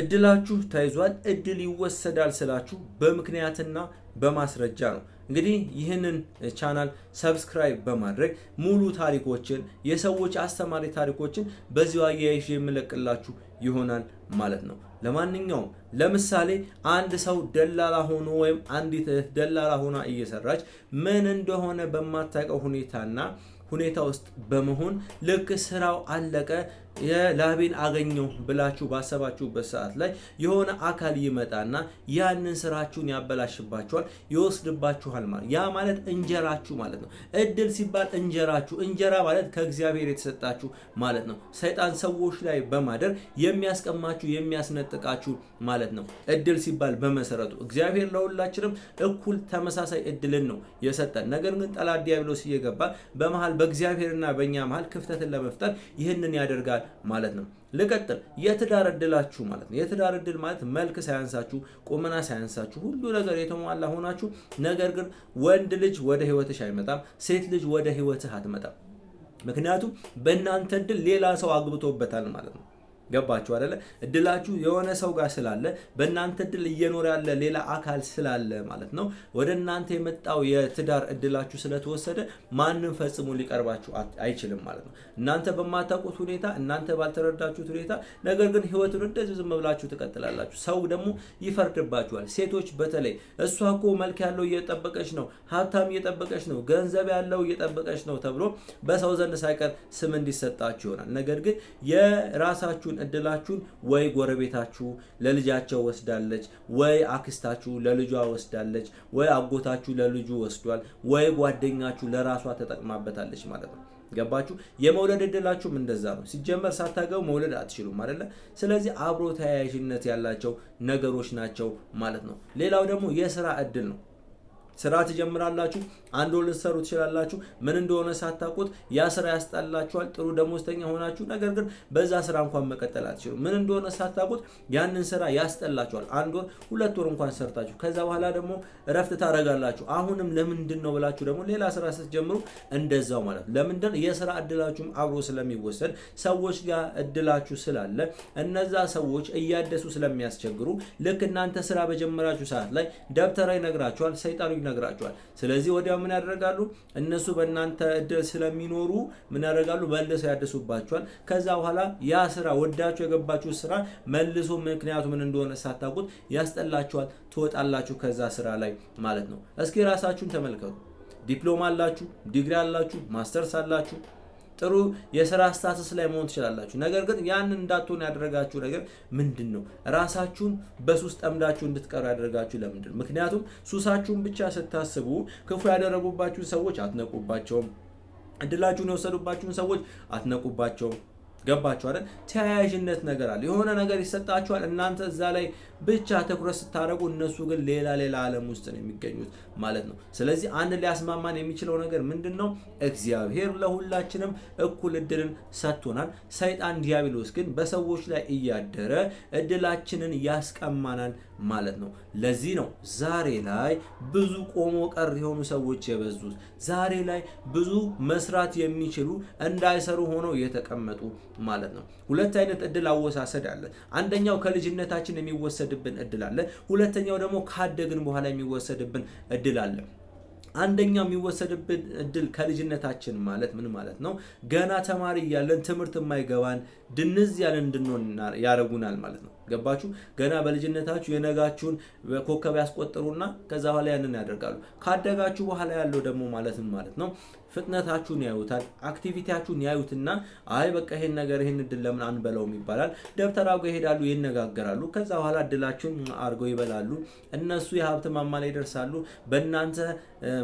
እድላችሁ ተይዟል፣ እድል ይወሰዳል ስላችሁ በምክንያትና በማስረጃ ነው። እንግዲህ ይህንን ቻናል ሰብስክራይብ በማድረግ ሙሉ ታሪኮችን የሰዎች አስተማሪ ታሪኮችን በዚሁ አያይዤ የምለቅላችሁ ይሆናል ማለት ነው። ለማንኛውም ለምሳሌ አንድ ሰው ደላላ ሆኖ ወይም አንዲት እህት ደላላ ሆና እየሰራች ምን እንደሆነ በማታውቀው ሁኔታና ሁኔታ ውስጥ በመሆን ልክ ስራው አለቀ የላቤን አገኘው ብላችሁ ባሰባችሁበት ሰዓት ላይ የሆነ አካል ይመጣና ያንን ስራችሁን ያበላሽባችኋል፣ ይወስድባችኋል። ማለት ያ ማለት እንጀራችሁ ማለት ነው። እድል ሲባል እንጀራችሁ፣ እንጀራ ማለት ከእግዚአብሔር የተሰጣችሁ ማለት ነው። ሰይጣን ሰዎች ላይ በማደር የሚያስቀማችሁ ከልባችሁ የሚያስነጥቃችሁ ማለት ነው። እድል ሲባል በመሰረቱ እግዚአብሔር ለሁላችንም እኩል ተመሳሳይ እድልን ነው የሰጠን። ነገር ግን ጠላት ዲያብሎስ እየገባ በመሃል በእግዚአብሔርና በእኛ መሃል ክፍተትን ለመፍጠር ይህንን ያደርጋል ማለት ነው። ልቀጥል። የትዳር እድላችሁ ማለት ነው። የትዳር እድል ማለት መልክ ሳያንሳችሁ፣ ቁመና ሳያንሳችሁ ሁሉ ነገር የተሟላ ሆናችሁ፣ ነገር ግን ወንድ ልጅ ወደ ህይወትሽ አይመጣም፣ ሴት ልጅ ወደ ህይወትህ አትመጣም። ምክንያቱም በእናንተ እድል ሌላ ሰው አግብቶበታል ማለት ነው። ገባችሁ አይደለ? እድላችሁ የሆነ ሰው ጋር ስላለ በእናንተ እድል እየኖረ ያለ ሌላ አካል ስላለ ማለት ነው። ወደ እናንተ የመጣው የትዳር እድላችሁ ስለተወሰደ ማንም ፈጽሞ ሊቀርባችሁ አይችልም ማለት ነው። እናንተ በማታውቁት ሁኔታ፣ እናንተ ባልተረዳችሁት ሁኔታ፣ ነገር ግን ህይወቱን እንደዚህ ዝም ብላችሁ ትቀጥላላችሁ። ሰው ደግሞ ይፈርድባችኋል። ሴቶች በተለይ እሷ እኮ መልክ ያለው እየጠበቀች ነው፣ ሀብታም እየጠበቀች ነው፣ ገንዘብ ያለው እየጠበቀች ነው ተብሎ በሰው ዘንድ ሳይቀር ስም እንዲሰጣችሁ ይሆናል። ነገር ግን የራሳችሁ ያላችሁን እድላችሁን ወይ ጎረቤታችሁ ለልጃቸው ወስዳለች፣ ወይ አክስታችሁ ለልጇ ወስዳለች፣ ወይ አጎታችሁ ለልጁ ወስዷል፣ ወይ ጓደኛችሁ ለራሷ ተጠቅማበታለች ማለት ነው። ገባችሁ? የመውለድ እድላችሁም እንደዛ ነው። ሲጀመር ሳታገቡ መውለድ አትችሉም አይደለ? ስለዚህ አብሮ ተያያዥነት ያላቸው ነገሮች ናቸው ማለት ነው። ሌላው ደግሞ የስራ እድል ነው። ስራ ትጀምራላችሁ። አንድ ወር ልትሰሩ ትችላላችሁ። ምን እንደሆነ ሳታውቁት ያ ስራ ያስጣላችኋል። ጥሩ ደሞዝተኛ ሆናችሁ፣ ነገር ግን በዛ ስራ እንኳን መቀጠል አትችሉ። ምን እንደሆነ ሳታውቁት ያንን ስራ ያስጠላችኋል። አንድ ወር ሁለት ወር እንኳን ሰርታችሁ ከዛ በኋላ ደግሞ እረፍት ታደርጋላችሁ። አሁንም ለምንድን ነው ብላችሁ ደግሞ ሌላ ስራ ስትጀምሩ እንደዛው ማለት ነው። ለምንድን የስራ እድላችሁም አብሮ ስለሚወሰድ ሰዎች ጋር እድላችሁ ስላለ እነዛ ሰዎች እያደሱ ስለሚያስቸግሩ ልክ እናንተ ስራ በጀመራችሁ ሰዓት ላይ ደብተራ ይነግራችኋል፣ ሰይጣኑ ይነግራችኋል። ስለዚህ ወዲያ ምን ያደርጋሉ? እነሱ በእናንተ እድል ስለሚኖሩ ምን ያደርጋሉ? መልሰው ያድሱባቸዋል። ከዛ በኋላ ያ ስራ ወዳችሁ የገባችሁ ስራ መልሶ ምክንያቱ ምን እንደሆነ ሳታውቁት ያስጠላችኋል። ትወጣላችሁ ከዛ ስራ ላይ ማለት ነው። እስኪ ራሳችሁን ተመልከቱ። ዲፕሎማ አላችሁ፣ ዲግሪ አላችሁ፣ ማስተርስ አላችሁ ጥሩ የስራ ስታትስ ላይ መሆን ትችላላችሁ። ነገር ግን ያንን እንዳትሆን ያደረጋችሁ ነገር ምንድን ነው? ራሳችሁን በሱስ ጠምዳችሁ እንድትቀሩ ያደረጋችሁ ለምንድን ነው? ምክንያቱም ሱሳችሁን ብቻ ስታስቡ ክፉ ያደረጉባችሁን ሰዎች አትነቁባቸውም። እድላችሁን የወሰዱባችሁን ሰዎች አትነቁባቸውም። ገባችሁ አይደል? ተያያዥነት ነገር አለ። የሆነ ነገር ይሰጣችኋል። እናንተ እዛ ላይ ብቻ ትኩረት ስታደርጉ፣ እነሱ ግን ሌላ ሌላ ዓለም ውስጥ ነው የሚገኙት ማለት ነው። ስለዚህ አንድ ሊያስማማን የሚችለው ነገር ምንድን ነው? እግዚአብሔር ለሁላችንም እኩል እድልን ሰጥቶናል። ሰይጣን ዲያብሎስ ግን በሰዎች ላይ እያደረ እድላችንን ያስቀማናል ማለት ነው። ለዚህ ነው ዛሬ ላይ ብዙ ቆሞ ቀር የሆኑ ሰዎች የበዙት። ዛሬ ላይ ብዙ መስራት የሚችሉ እንዳይሰሩ ሆነው የተቀመጡ ማለት ነው። ሁለት አይነት እድል አወሳሰድ አለ። አንደኛው ከልጅነታችን የሚወሰድብን እድል አለ። ሁለተኛው ደግሞ ካደግን በኋላ የሚወሰድብን እድል አለ። አንደኛው የሚወሰድብን እድል ከልጅነታችን ማለት ምን ማለት ነው? ገና ተማሪ እያለን ትምህርት የማይገባን ድንዝ ያለን እንድንሆን ያደርጉናል ማለት ነው። ገባችሁ? ገና በልጅነታችሁ የነጋችሁን ኮከብ ያስቆጥሩና ከዛ በኋላ ያንን ያደርጋሉ። ካደጋችሁ በኋላ ያለው ደግሞ ማለትም ማለት ነው ፍጥነታችሁን ያዩታል፣ አክቲቪቲያችሁን ያዩትና አይ በቃ ይሄን ነገር ይሄን እድል ለምን አንበለውም ይባላል። ደብተራ ጋር ይሄዳሉ፣ ይነጋገራሉ። ከዛ በኋላ እድላችሁን አድርገው ይበላሉ። እነሱ የሀብት ማማ ላይ ይደርሳሉ። በእናንተ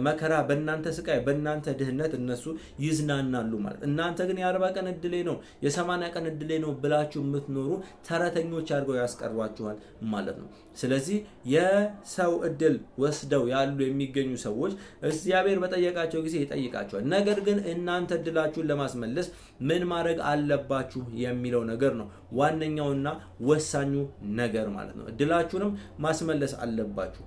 መከራ፣ በእናንተ ስቃይ፣ በእናንተ ድህነት እነሱ ይዝናናሉ ማለት እናንተ ግን የአርባ ቀን እድሌ ነው የሰማንያ ቀን እድሌ ነው ብላችሁ የምትኖሩ ተረተኞች አድርገው ያስቀሯችኋል ማለት ነው። ስለዚህ የሰው እድል ወስደው ያሉ የሚገኙ ሰዎች እግዚአብሔር በጠየቃቸው ጊዜ ይጠይቃቸዋል። ነገር ግን እናንተ እድላችሁን ለማስመለስ ምን ማድረግ አለባችሁ የሚለው ነገር ነው ዋነኛውና ወሳኙ ነገር ማለት ነው። እድላችሁንም ማስመለስ አለባችሁ።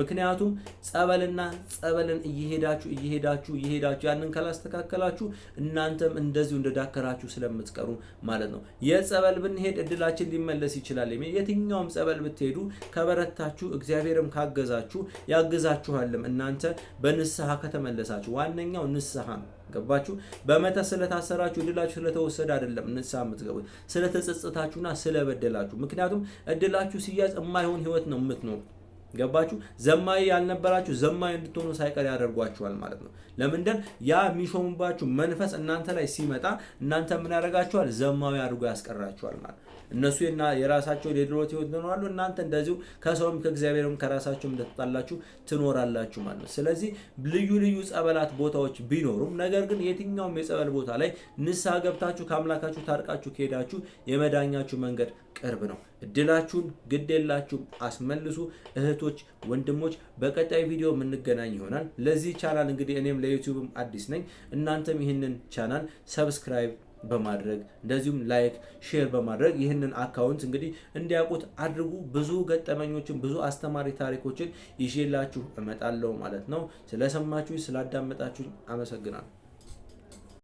ምክንያቱም ጸበልና ጸበልን እየሄዳችሁ እየሄዳችሁ እየሄዳችሁ ያንን ካላስተካከላችሁ እናንተም እንደዚሁ እንደዳከራችሁ ስለምትቀሩ ማለት ነው። የጸበል ብንሄድ እድላችን ሊመለስ ይችላል የሚል የትኛውም ጸበል ብትሄዱ ከበረታችሁ፣ እግዚአብሔርም ካገዛችሁ ያግዛችኋልም እናንተ በንስሐ ከተመለሳችሁ። ዋነኛው ንስሐ ነው። ገባችሁ? በመተ ስለታሰራችሁ እድላችሁ ስለተወሰደ አይደለም ንስሐ የምትገቡት ስለተጸጸታችሁና ስለበደላችሁ። ምክንያቱም እድላችሁ ሲያዝ የማይሆን ህይወት ነው የምትኖሩ ገባችሁ? ዘማዊ ያልነበራችሁ ዘማዊ እንድትሆኑ ሳይቀር ያደርጓችኋል ማለት ነው። ለምንድን ያ የሚሾሙባችሁ መንፈስ እናንተ ላይ ሲመጣ እናንተ ምን ያደርጋችኋል? ዘማዊ አድርጎ ያስቀራችኋል ማለት እነሱ የራሳቸው የድሮት ህይወት ይኖራሉ። እናንተ እንደዚሁ ከሰውም ከእግዚአብሔርም ከራሳቸውም እንደተጣላችሁ ትኖራላችሁ ማለት ነው። ስለዚህ ልዩ ልዩ ጸበላት ቦታዎች ቢኖሩም ነገር ግን የትኛውም የጸበል ቦታ ላይ ንስሐ ገብታችሁ ከአምላካችሁ ታርቃችሁ ከሄዳችሁ የመዳኛችሁ መንገድ ቅርብ ነው። እድላችሁን ግድ የላችሁም፣ አስመልሱ። እህቶች ወንድሞች፣ በቀጣይ ቪዲዮ የምንገናኝ ይሆናል። ለዚህ ቻናል እንግዲህ እኔም ለዩቲዩብም አዲስ ነኝ። እናንተም ይህንን ቻናል ሰብስክራይብ በማድረግ እንደዚሁም ላይክ ሼር በማድረግ ይህንን አካውንት እንግዲህ እንዲያውቁት አድርጉ። ብዙ ገጠመኞችን ብዙ አስተማሪ ታሪኮችን ይዤላችሁ እመጣለሁ ማለት ነው። ስለሰማችሁ ስላዳመጣችሁኝ አመሰግናለሁ።